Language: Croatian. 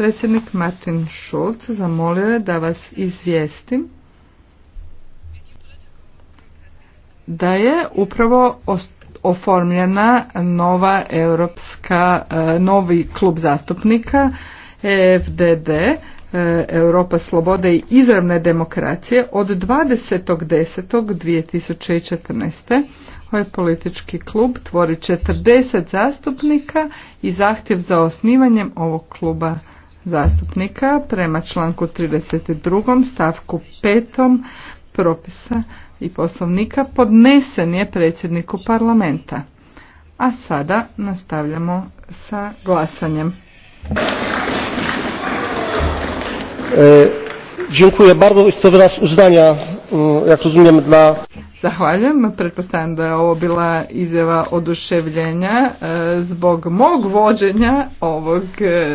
Predsjednik Martin Schulz zamolio je da vas izvijestim da je upravo oformljena nova europska, e, novi klub zastupnika EFDD e, Europa slobode i izravne demokracije od 20.10.2014. Ovaj politički klub tvori 40 zastupnika i zahtjev za osnivanjem ovog kluba zastupnika prema članku 32. stavku 5. propisa i poslovnika podnesen je predsjedniku parlamenta. A sada nastavljamo sa glasanjem. E, dziękuję bardzo. to wyraz uznania, mm, jak dla... Zahvaljujem. Pretpostavljam da je ovo bila izjava oduševljenja e, zbog mog vođenja ovog e,